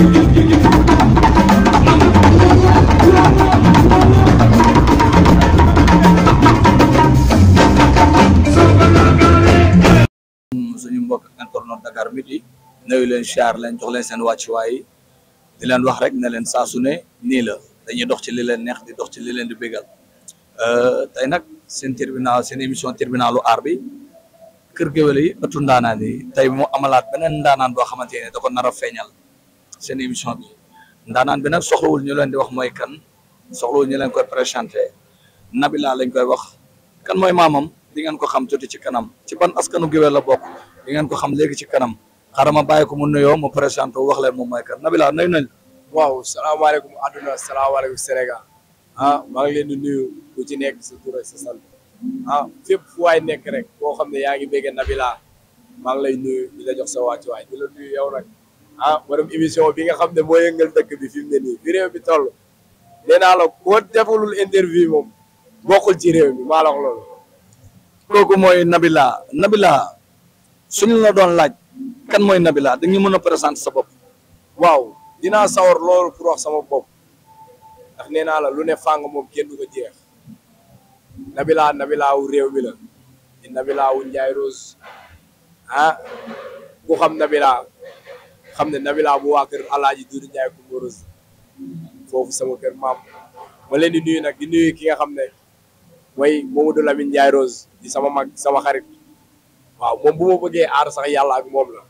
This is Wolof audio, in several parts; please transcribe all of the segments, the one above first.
suñu mbokk internet Dakar Midi nuyu leen char leen jox leen seen wàccuwaay di leen wax rek ne leen saa ne nii dañuy dox ci li neex di dox ci li leen di bégal euh, tey nag seen tribunal seen émission tribunalu aar bi kër géwél yi ëttu ndaanaan yi tey mu amalaat beneen ndaanaan boo xamante ne da ko nar a feeñal seen émission bi ndaanaan bi nag soxlawul ñu leen di wax mooy kan soxlawul ñu leen koy présenté Nabila lañ koy wax kan mooy maamam di ngeen ko xam tuuti ci kanam ci ban askanu géwél la bokk di ngeen ko xam léegi ci kanam xaaral ma bàyyi ko mu nuyoo mu présenté wax leen moom mooy kan Nabila nuyu nañ waaw salaamaaleykum adduna salaamaaleykum Sénégal ah maa ngi leen di nuyu ku ci nekk sa tur ak sa ah, fépp waay nekk rek boo xam ne yaa ngi bëgg Nabila maa ngi lay nuyu di la jox sa wàccuwaay yow nag ah borom émission bi nga xam ne moo yëngal dëkk bi fi mu ne nii fi réew bi toll nee naa la koo defalul interview moom bokkul ci réew mi maa la wax loolu. mooy Nabila Nabila suñu la doon laaj kan mooy Nabila dañu mën a présenter sa bopp. waaw dinaa sawar loolu pour wax sama bopp ndax nee la lu ne fàng moom kenn du ko jeex Nabila Nabila wu réew mi la Nabila wu Ndiaye Rose ah ku xam Nabila. xam ne Nabila bu waa kër Alaaji Dudu Njaay Kumboroos foofu sama kër maam ma leen di nuyu nag di nuyu ki nga xam ne mooy Mamadou Lamine Ndiaye Rose di sama mag sama xarit waaw moom bu ma bëggee aar sax yàlla ak moom la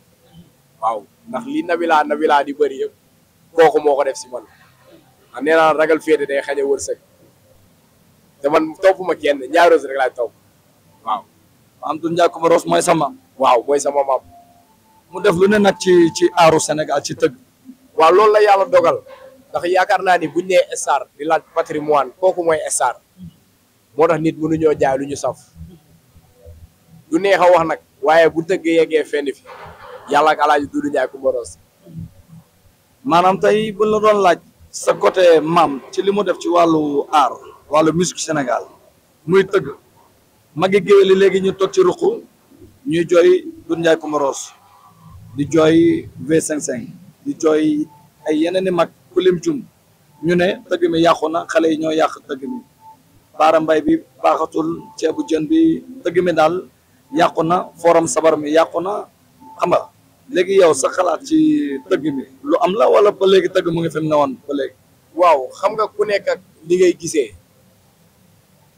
waaw ndax li nabilaa nabilaa di bari yëpp kooku moo ko def si man nee naa ragal féete day xañ a te man topp ma kenn Ndiaye Rose rek laay topp waaw. am du Ndiaye Kumboroos mooy sama. waaw mooy sama maam. mu def lu ne nag ci ci aaru Sénégal ci tëgg waaw loolu la yàlla dogal ndax yaakaar naa ni buñ nee star di laaj patrimoine kooku mooy star moo tax nit mënuñoo jaay lu ñu saf du neex a wax nag waaye bu tëgg yeggee fenn fi yàlla ak alaaji Dudu ku boros maanaam tey buñ la doon laaj sa côté maam ci li mu def ci wàllu aar wàllu musique Sénégal muy tëgg magi géwél yi léegi ñu toog ci ruq ñuy jooy Dudu Njaay ku boros di jooy V55 di jooy ay yeneen i mag ku jum ñu ne tëgg mi yàqu na xale yi ñoo yàq tëgg mi baara mbay bi baaxatul ceebu jën bi tëgg mi daal yàqu na forum sabar mi yàqu na xam nga léegi yow sa xalaat ci tëgg mi lu am la wala ba léegi tëgg mu ngi fi mu woon ba léegi waaw xam nga ku nekk ak li ngay gisee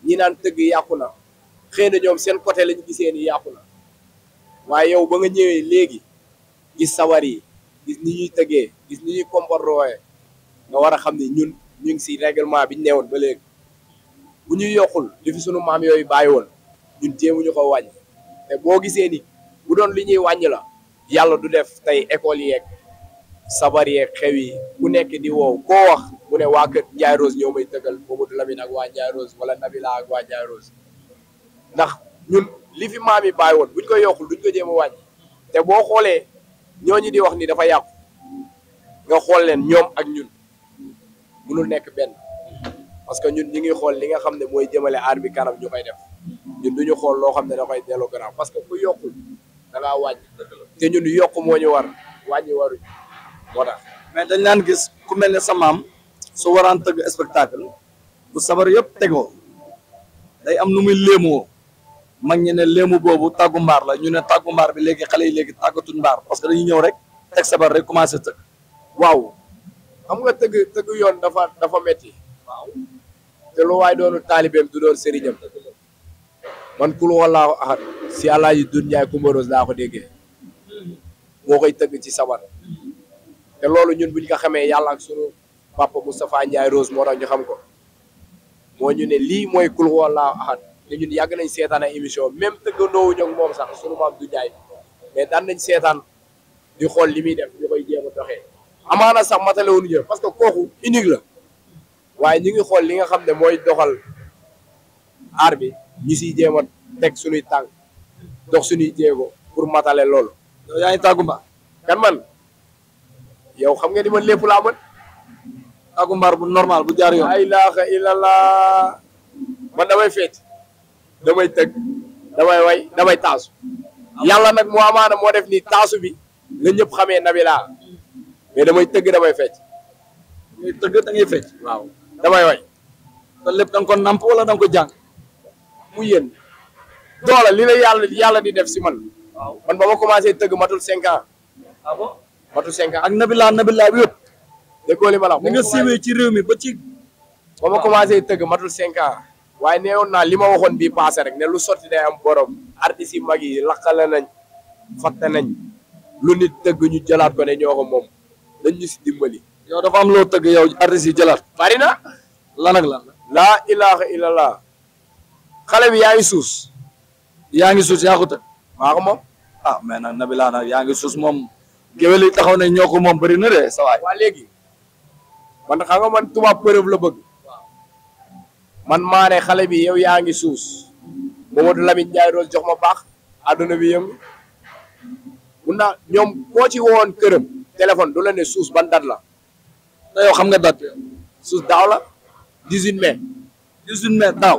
ñi naan tëgg yàqu na xëy na ñoom seen côté lañ gisee ni yàqu waaye yow ba nga ñëwee léegi gis sawar gis ni ñuy tëggee gis ni ñuy comporter nga war a xam ni ñun ñu ngi si règlement bi ñu neewoon ba léegi bu ñu yokkul li sunu maam yooyu bàyyi woon ñun jéemuñu ko wàññi te boo gisee ni bu doon li ñuy wàññi la yàlla du def tey école yeeg sabar yeeg xew yi ku nekk di woow koo wax mu ne waa kër Ndiaye Rose ñoo may tëggal Mamadou Lamine ak waa Ndiaye Rose wala Nabila ak waa Ndiaye Rose ndax ñun li fi maam yi bàyyi woon buñ ko yokkul duñ ko jéem a te boo xoolee ñoo ñooñu di wax nii dafa yàqu nga xool leen ñoom ak ñun mënul nekk benn parce que ñun ñu ngi xool li nga xam ne mooy jëmale aar bi kanam ñu koy def ñun du ñu xool loo xam ne da koy delloo gannaaw parce que ku yokku da ngaa wàññi te ñun yokk moo ñu war wàññi waruñ moo tax. mais dañ naan gis ku mel ne sa maam su waraan tëgg spectacle bu sabar yëpp tegoo day am nu muy léemoo mag ñi ne léemu boobu tàggu la ñu ne tàggu bi léegi xale yi léegi tàggatuñ mbaar parce que dañuy ñëw rek teg sabar rek commencé tëgg tëgg tëgg yoon dafa dafa metti waaw te lu waay doonu taalibeem du doon sëriñam man kul wallaahu ahad si alaaji dun njaay kumbaros laa ko déggee moo koy tëgg ci sabar te loolu ñun buñ ko xamee yàlla ak sunu papa Moustapha Ndiaye Rose moo tax ñu xam ko moo ñu ne lii mooy kul wallaahu ahad te ñun yàgg nañ seetaan ay émission même tëggandoowuñu ak moom sax sunu maam du jaay mais daan nañ seetaan di xool li muy def ñu koy jéem a doxee amaana sax matale wu ñu parce que kooku unique la waaye ñu ngi xool li nga xam ne mooy doxal aar bi ñu siy jéem a teg suñuy tànk dox suñuy jéego pour matale loolu. yow yaa ngi tàggu kan man yow xam nga ni man lépp laa mën. bu normal bu jaar yoon. la ilaha illallah man damay feet. damay tëgg damay way damay taasu yàlla nag moo amaana moo def nii taasu bi la ñëpp xamee Nabila mais damay tëgg damay fecc tëgg da ngay fecc waaw damay way te lépp da ko namp wala da ko jàng mu yéen doole li la yàlla yàlla di def si man man ba ma commencé tëgg matul cinq ah cinq ans ak Nabila Nabila bi yëpp déggoo li ma ni nga siiwee ci réew mi ba ci ba ma commencé tëgg matul cinq ans waaye neewoon naa li ma waxoon bii paase rek ne lu sotti day am borom artistes yi mag yi laqale nañ fatte nañ lu nit tëgg ñu jëlaat ko ne ñoo ko moom dañ ñu si dimbali. yow dafa am loo tëgg yow artistes yi jëlaat. bari na lan la lan. laa ilaaha illallah xale bi yaa ngi suus. yaa ngi suus yaa ko tëgg. maa ko moom. ah mais nag Nabila nag yaa ngi suus moom. géwél yi taxaw nañ ñoo ko moom bëri na de sa waay. waa léegi man xam man tubaab preuve la bëgg. man maa xale bi yow yaa ngi suus Mamadou Lamine Ndiaye doon jox ma baax àdduna bi yëm mun naa ñoom koo ci woon këram téléphone du la ne suus ban date la te yow xam nga date suus daaw la 18 mai 18 mai daaw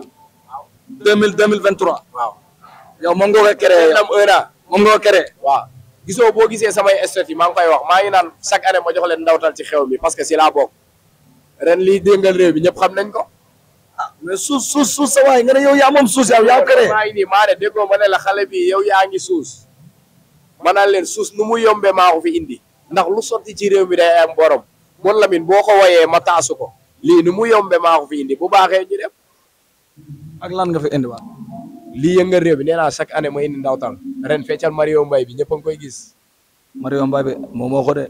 2000 2023 waaw yow moom nga ko créé am un an moom nga ko créé waaw boo gisee samay statuts maa ngi koy wax maa ngi naan chaque année ma jox leen ndawtal ci xew mi parce que si laa bokk ren lii déngal réew bi ñëpp xam nañ ko mais suus suus suus sa waay nga ne yow yaa moom suus yow yaa créé maa ngi maa ne déggoo ma ne la xale bi yow yaa ngi suus ma naan leen suus nu mu yombee maa ko fi indi ndax lu sotti ci réew mi day am borom Mon Lamine boo ko woyee ma taasu ko lii nu mu yombee maa ko fi indi bu baaxee ñu dem ak lan nga fi indi waat lii yëngal réew bi nee naa chaque année ma indi ndaw tal ren feccal Mario Mbaye bi ñëpp a koy gis Mario Mbaye bi moo ko de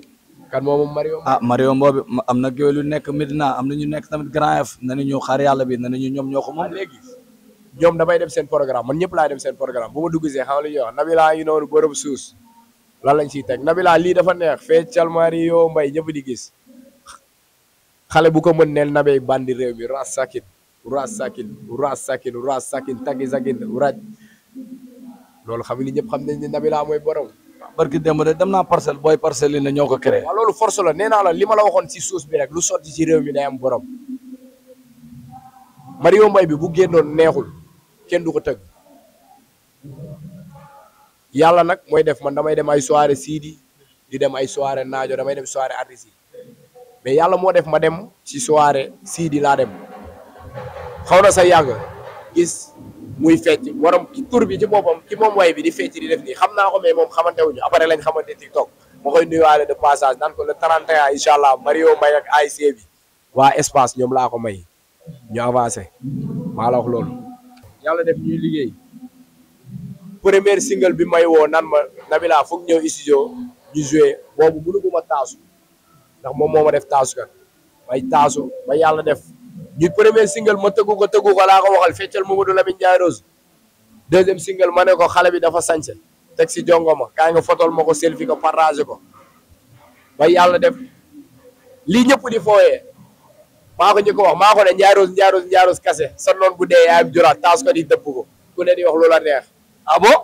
kan moomu Mario. ah Mario Mbow am na géwél yu nekk Medina am na ñu nekk tamit Grand F na ñu xaar yàlla bi na ñu ñoom ñoo ko moom. Ah, léegi ñoom damay dem seen programme man ñëpp laay dem seen programme bu ma dugg see xam nga li ñuy wax lan lañ siy teg Nabila lii dafa neex feccal Mario Mbaye ñëpp di gis xale bu ko mën neel nabey bandi réew mi ras sakin ras sakin ras sakin ras sakin tagi sakin raj loolu xam nga ni ñëpp xam nañ mooy borom. barki démb de dem naa parcelle booy parcelle yi ne ñoo ko créé. waaw loolu la nee naa la li ma la waxoon si suuf bi rek lu sotti si réew mi day am borom. Mario Mbaye bi bu génnoon neexul kenn du ko tëgg yàlla nag mooy def ma damay dem ay soirée Sidi di dem ay soirée naajo damay dem soirée artiste mais yàlla moo def ma dem si soirée Sidi laa dem xaw na sa yàgg gis. muy fecc waram ci tur bi ci boppam ci moom way bi di fecc di def nii xam naa ko mais moom xamante wuñu après lañ xamante TikTok ma koy nuyuwaale de passage naan ko le 31 incha allah Mario Mbaye ak ASC bi waa espace ñoom laa ko may ñu avancé maa la wax loolu. yàlla def ñuy liggéey. premier single bi may woo nan ma Nabila foog ñëw studio ñu joué boobu mënu ko ma taasu ndax moom moo ma def taasu kan may taasu ba yàlla def. ñu premier single ma tëggu ko tëggu ko laa ko waxal feccal Mamadou Lamine Ndiaye Rose deuxième single ma ne ko xale bi dafa sañse teg si jongo ma kaay nga fotol ma ko selfie ko partagé ko ba yàlla def lii ñëpp di fooyee maa ko ko wax maa ko ne Ndiaye Rose Ndiaye Rose kase sa noon bu dee yaayam juraat taas ko di dëpp ko ku ne di wax loola neex ah bon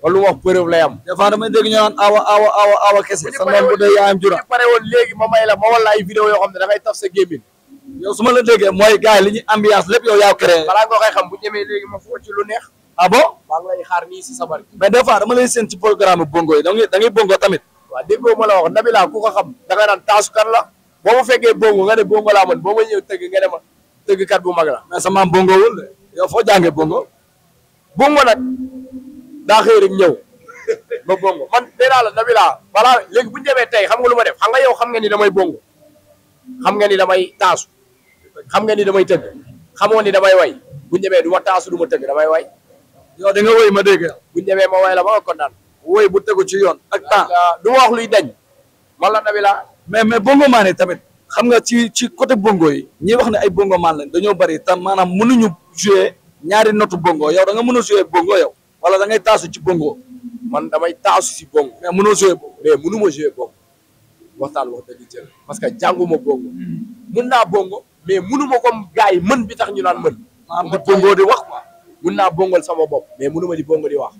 wala wax preuve lay am. des fois damay dégg ñu naan awa awa awa awa kese. sa noon bu dee yaayam juraat bu pare woon léegi ma may la ma wala ay yoo xam ne dangay taf sa gémmiñ su ma la déggee mooy gars yi li ñu ambiance lépp yow yaa créé. balaa nga koy xam bu ñemee léegi ma foo lu neex. ah bon maa ngi mais des fois dama lay seen ci programme bongo yi da ngay da ngay bongo tamit. waaw wax Nabila ku ko xam da nga naan taasu kan la boo ma fekkee bongo nga ne bongo boo ma ñëw tëgg nga ne ma tëggkat bu mag la. mais sama maam bongo wul de yow foo jàngee bongo. bongo nag daa xëy rek ñëw ba bongo man balaa léegi bu ñu tey xam nga lu ma def xam nga yow xam nga ni damay bongo xam nga ni damay taasu xam nga ni damay tëgg xamoo ni damay way bu ñëwee du ma taasu du ma tëgg damay way yow da nga woy ma dégg bu ñëwee ma way la ma kontaan woy bu tegu ci yoon ak temps du ma wax luy dañ man la nabi laa mais mais bongo maa tamit xam nga ci ci côté bongo yi ñi wax ne ay bongo maan lañ dañoo bëri tam maanaam mënuñu jouer ñaari notu bongo yow da nga mën a jouer bongo yow wala da ngay taasu ci bongo man damay taasu si bongo mais mënoo jouer bongo mënuma jouer bongo waxtaan wax dëgg jël parce que jànguma bongo mën hmm. naa bongo mais mënuma comme gars mën bi tax ñu naan mën. di bongo di wax quoi mun naa bongal sama bopp mais mënuma di bongo di wax.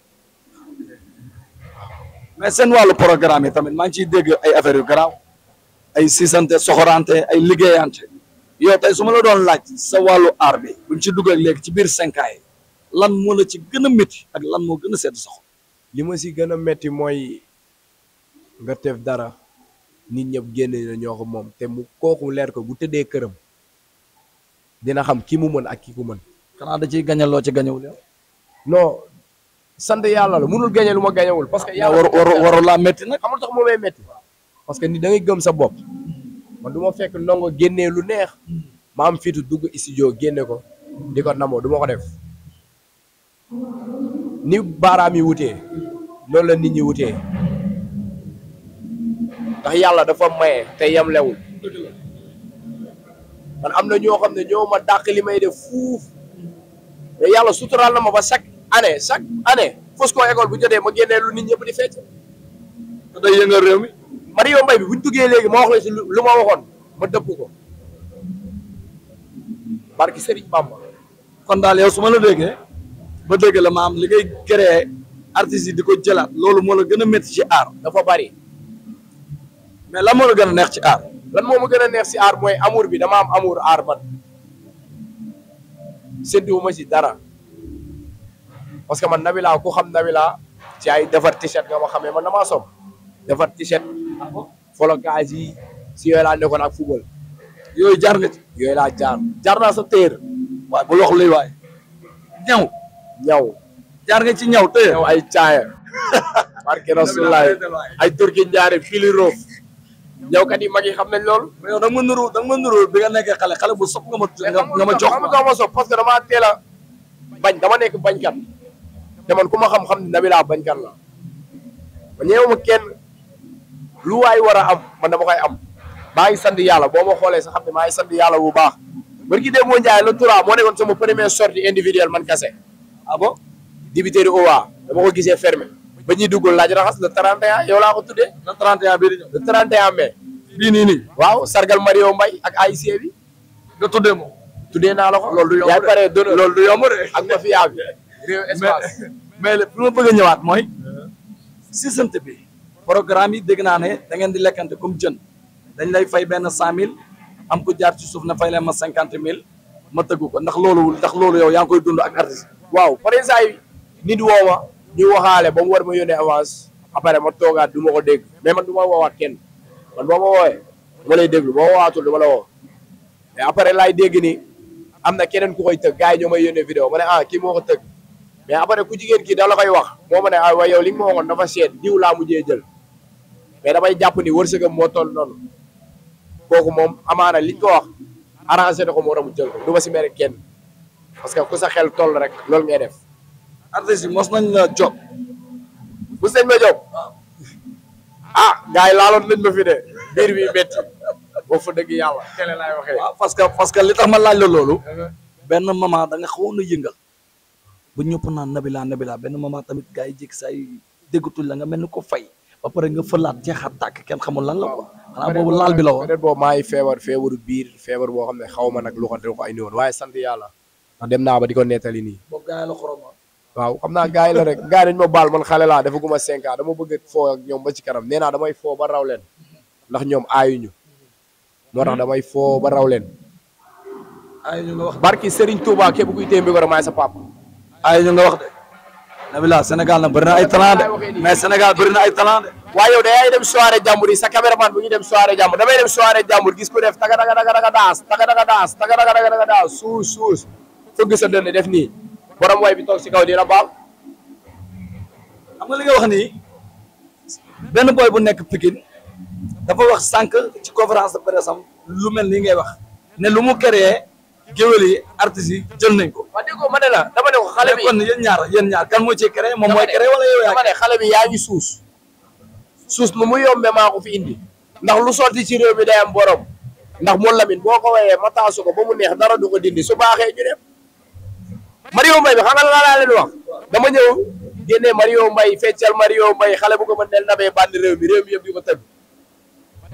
mais seen wàllu programme yi tamit maa ngi ciy dégg ay affaires yu garaaw ay sisante soxorante ay liggéeyante yow tey su ma la doon laaj sa wàllu aar bi buñ ci dugal léegi ci biir cinq lan moo la ci gën a métti ak lan moo gën a sedd soxor li ma si gën a métti mooy nga def dara nit ñëpp génn na ñoo ko moom te mu kooku leer ko bu tëddee këram dina xam ki mu mën ak ki ku mën. xanaa da ciy gañal ci gañewul yow. non sant yàlla la munul gañe lu ma gañewul parce que yàlla war war nag xamul tax moo may métti parce que ni da ngay gëm sa bopp man du ma fekk ndongo génnee lu neex ma am fitu dugg génne ko di ko namoo du ma ko def ni baaraam yi wutee loolu la nit ñi wutee ndax yàlla dafa maye te yemlewul man am na ñoo xam ne ñoo ma dàq li may def fuuf mais yàlla suturaal na ma ba chaque année chaque année Fosco école bu jotee ma génnee lu nit ñëpp di fecc te day yëngal réew mi Mario Mbaye bi buñ duggee léegi ma wax la si lu ma waxoon ma dëpp ko barki Serigne Bamba kon daal yow su ma la déggee ba dégg la maam li ngay créer artistes di ko jëlaat loolu moo la gën a métti ci aar dafa bari mais la moo la gën a neex ci aar lan moo ma gën neex si aar mooy amour bi dama am amur aar man sédduwuma si dara parce que man Nabila ku xam Nabila ci ay defar t-shirt nga ma xamee man damaa sob defar t-shirt folo gaz yi si yooyu laa nekkoon ak football yooyu jaar na ci yooyu laa naa sa téer waaye bu lox luy ñaw ñaw jaar nga ci ñaw téer ay caaya barke rasulilah ay turki njaare fili roof yow kat yi mag i xam nañ lool yow da nga ma nuru da nga ma nuru bi nga nekkee xale xale bu sopp nga ma. nga ma jox nga ma sopp parce que a teel bañ dama nekk bañkat te man ku ma xam-xam ne Nabila bañkat la ma ñëw ma kenn lu waay war a am man dama koy am maa ngi sant yàlla boo ma xoolee sax xam ne maa ngi sant yàlla wu baax. barki dee moo Ndiaye la Toura moo nekkoon sama première sortie individuelle man kese ah bon débuté de OWA dama ko gisee fermé. ba ñuy dugg laaj raxas le 31 yow laa ko tuddee le 31 bii di ñëw le waaw sargal Mario mbay ak AIC bi nga tuddee moom tuddee naa la lool du yomb yaay pare loolu du ak ma fi yaa espace mais li ma bëgg a ñëwaat mooy système bi programme yi dégg naa ne da ngeen di lekkante comme jën dañ lay fay benn cent mille am ko jaar ci suuf na fay leen ma cinquante mille ma tëggu ko ndax loolu ndax loolu yow yaa ngi koy dund ak artiste waaw par exemple nit woo di waxaale ba mu war ma yónnee avance après ma toogaat du ma ko dégg mais man du ma woowaat kenn man boo ma woowee dama lay déglu boo woowaatul dama la woo mais après laay dégg ni am na keneen ku ko tëgg gars yi ñoo ma yónnee vidéo ma ne ah kii moo ko tëgg mais après ku jigéen kii da la koy wax moo ma ne ah waaye yow li nga ma waxoon dafa seet diw laa mujjee jël mais damay jàpp ni wërsëgam moo toll noonu kooku moom amaana liñ ko wax arrangé na ko moo tax mu jël ko du ma si mere kenn parce que ku sa xel tol rek loolu ngay def. artiste yi mos nañ la job bu sëñ ma job ah gars yi laaloon nañ ma fi de biir bi métti boo fa dëgg yàlla tele laay waxee waaw parce que parce que li tax ma laaj la loolu uh-huh. benn moment da nga xawoon a yëngal ba ñëpp naan nabila nabila benn moment tamit gars yi jékki saa yi déggatul la nga mel ni ko fay ba pare nga fëlaat jeexaat tàkk kenn xamul lan la ko xanaa boobu laal bi la woon peut-être feebar feebaru biir feebar boo xam ne xaw ma nag lu ko ay waaye sant yàlla dem naa ba di ko waaw xam naa gars yi la rek gars yi dañu ma baal man xale laa defaguma cinq ans dama bëgg a foo ak ñoom ba ci kanam nee naa damay foo ba raw leen ndax ñoom aayuñu moo tax damay foo ba raw wax barki Serigne Touba képp kuy téye mbir maay sa papa. aayuñu nga wax de. Nabila senegal na bëri ay talent de mais Sénégal bëri na ay talent de. waaye yow day dem soirée jàmbur yi sa caméraman bu ñu dem soirée jàmbur damay dem soirée jàmbur gis ko def taga daga daga daga daas taga daga daas taga daga daga daas suus suus def nii. borom way bi toog si kaw dina baal. xam nga li nga wax ni benn boy bu nekk Pikine dafa wax sànq ci conférence de presse lu mel nii ngay wax ne lu mu créé géwél yi artistes yi jël nañ ko. waaw dégg nga ma ne la dama ne ko xale bi kon yéen ñaar kan moo ci créé moom mooy créé wala yaa dama xale bi yaa ngi suus suus nu mu yombee maa ko fi indi ndax lu sotti ci réew mi day am borom ndax mu lamin boo ko wayee ma taasu ko ba mu neex dara du ko dindi su baaxee ñu dem. Mario Mbaye bi xam nga laa leen wax dama ñëw génne Mario Mbaye feccal Mario Mbaye xale bu ko mën del nabee bànn réew mi réew mi yëpp di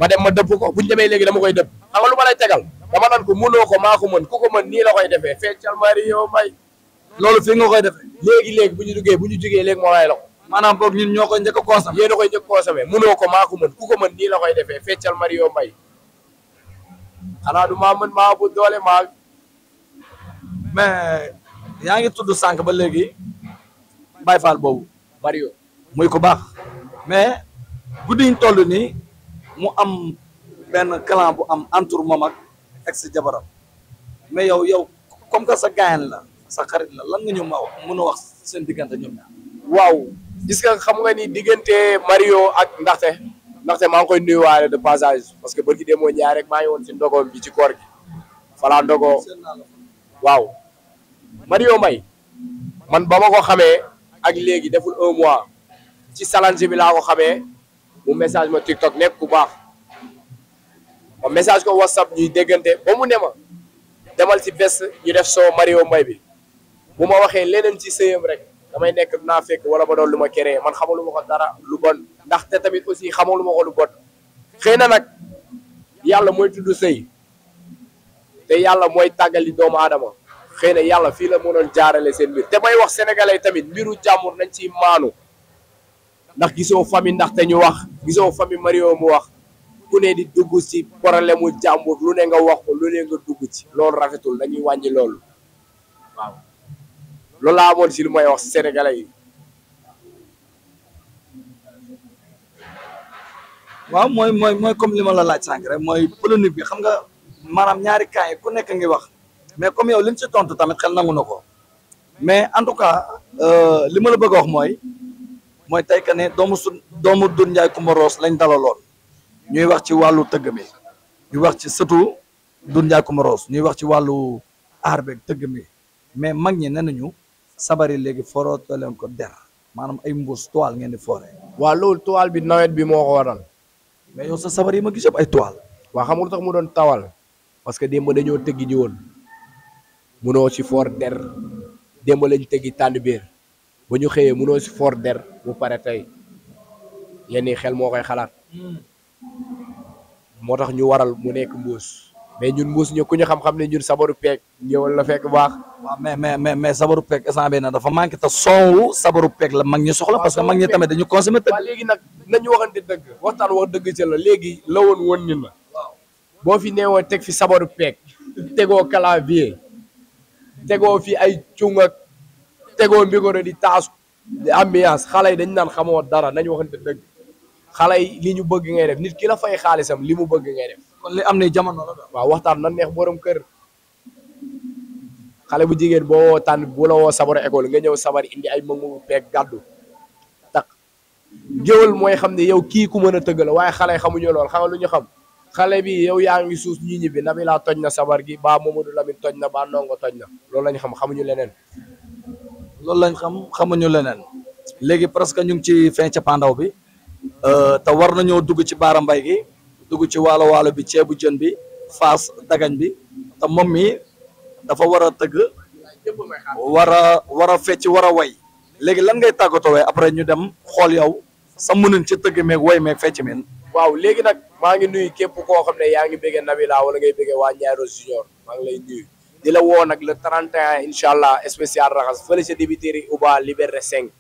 ma dem ma dëpp ko buñu demee léegi dama ko dëpp xam nga lu ma lay tegal dama ko mënoo ko maa ko mën ku ko man nii la koy defee feccal Mario Mbaye loolu fi nga koy defee léegi-léegi bu ñu duggee bu ñu jugee léegi moo lay maanaam boog ñun ñoo ko njëkk a consommé yéen a koy njëkk consommé ko maa ko mën ku ko mën nii la koy defee feccal Mario Mbaye xanaa du maa mën maa bu yaa ngi tudd sànq ba léegi Baye Fall boobu Mario muy ko baax mais guddi ñu toll nii mu am benn clan bu am entre moom ak ex jabaram mais yow yow comme que sa gaayan la sa xarit la lan nga ñu ma wax mën a wax seen diggante ñoom ñaar waaw gis nga xam nga ni diggante Mario ak ndaxte ndaxte maa ngi koy nuyuwaale de passage parce que bërki demoo ñaar rek maa ngi woon ci ndogoom bi ci koor gi falaa Mario may man ba ma ko xamee ak léegi deful un mois ci challenge bi laa ko xamee mu message ma TikTok nekk ku baax ma message ko WhatsApp ñuy déggante ba mu ne ma demal si bés ñu def soo Mario may bi bu ma waxee leneen ci sëyam rek damay nekk naa fekk wala ba doon lu ma créé man xamaluma ko dara lu bon ndaxte tamit aussi xamaluma ko lu bon xëy na nag yàlla mooy tudd sëy te yàlla mooy tàggali doomu aadama xëy na yàlla fii la mënoon jaarale seen mbir te may wax sénégalais tamit mbiru jàmbur nañ ciy maanu ndax gisoo famille ndaxte ñu wax gisoo famille Mario mu wax ku ne di dugg ci problème mu jàmbur lu ne nga wax ko lu ne nga dugg ci loolu rafetul dañuy wàññi loolu waaw loolu laa amoon si lu may wax sénégalais yi. waaw mooy mooy mooy comme li ma la laaj sànq rek mooy polémique bi xam nga maanaam ñaari cas yi ku nekk ngi wax. mais comme yow li nga ci tontu tamit xel nangu na ko mais en tout cas euh, li ma la bëgg wax mooy mooy tey que ne doomu su doomu Doudou Ndiaye Coumba Rose lañ dalaloon ñuy wax ci wàllu tëgg mi ñu wax ci surtout Doudou Ndiaye Coumba Rose ñuy wax ci wàllu aar beeg tëgg mi mais mag ñi nee nañu sabari léegi foroote leen ko der maanaam ay mbuus toile ngeen di fooree. waa loolu toile bi nawet bi moo ko waral. mais yow sa sabar yi ma gis yëpp ay toile. waa xam nga tax mu doon tawal parce que démb dañoo tëggi ji munoo si foor der démb lañ tegi tànn biir ba ñu xëyee munoo si for der bu pare tey yenn xel moo koy xalaat moo tax ñu waral mu nekk mbuus mais ñun mbuus ñu ku ñu xam-xam ne ñun sabaru peeg ñëwal la fekk baax. waaw mais mais mais sabaru peeg instant na dafa manqué te soowu sabaru peeg la mag ñi soxla. parce que mag ñi tamit dañu consommé tëgg. waaw léegi nag nañu waxante dëgg waxtaan wax dëgg ci la léegi la woon woon ni la. boo fi neewoo teg fi sabaru peeg tegoo clavier. tegoo fi ay cung ak tegoo mbigoro di taasu di ambiance xale yi dañ naan xamoo dara nañ waxante dëgg xale yi li ñu bëgg ngay def nit ki la fay xaalisam li mu bëgg ngay def. kon li am ne jamono la waaw waxtaan na neex borom kër xale bu jigéen boo woo bu la woo sabar école nga ñëw sabar indi ay mëngu peeg gàddu tak géwal mooy xam ne yow kii ku mën a tëgg la waaye xale xamuñu lool xam lu ñu xam. xale bi yow yaa ngi suus ñi ñibbi Nabila toj na sabar gi ba Mamadou Lamine toj na ba Ndongo toj na loolu lañ xam xamuñu leneen. lañ xam xamuñu leneen léegi presque ñu ngi ci fin cappaandaw bi euh, te war na nañoo dugg ci baara mbay gi dugg ci waalo waalo bi ceebu jën bi faas dagañ bi te moom mi dafa war a tëgg war a war a fecc war a way léegi lan ngay tàggatoo après ñu dem xool yow sa mënin ci tëgg meeg way meeg fecc meen waaw léegi nag maa ngi nuyu képp koo xam ne yaa ngi bëggee Nabila wala ngay bëggee waa Ndiaye Rose Junior maa ngi la woo nag le 31 incha allah spécial raxas fële ca débiterie Uba Liberté cinq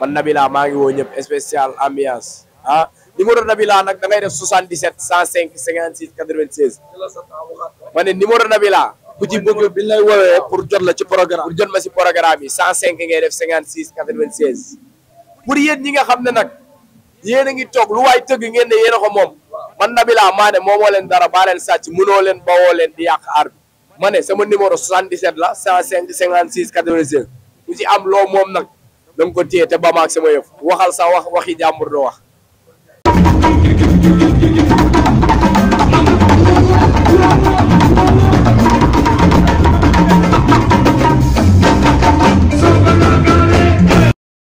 man Nabila maa ngi woo ñëpp spécial ambiance ah numéro Nabila nag da ngay def 77 105 56 96 ma ne numéro Nabila ku ci bëgg bi lay woowee pour jot la ci programme pour jot ma si programme yi cinq ngay def 56 96 pour yéen ñi nga xam ne nag. yéen a ngi toog lu waay tëgg ngeen ne yéen ko moom man Nabila maa ne moomoo leen dara baa leen sàcc mënoo leen bawoo leen di yàq aar bi ma ne sama numéro 77 la 105 56 85 ku ci am loo moom nag da nga ko téye te ba sama yëf waxal sa wax waxi jàmbur doo wax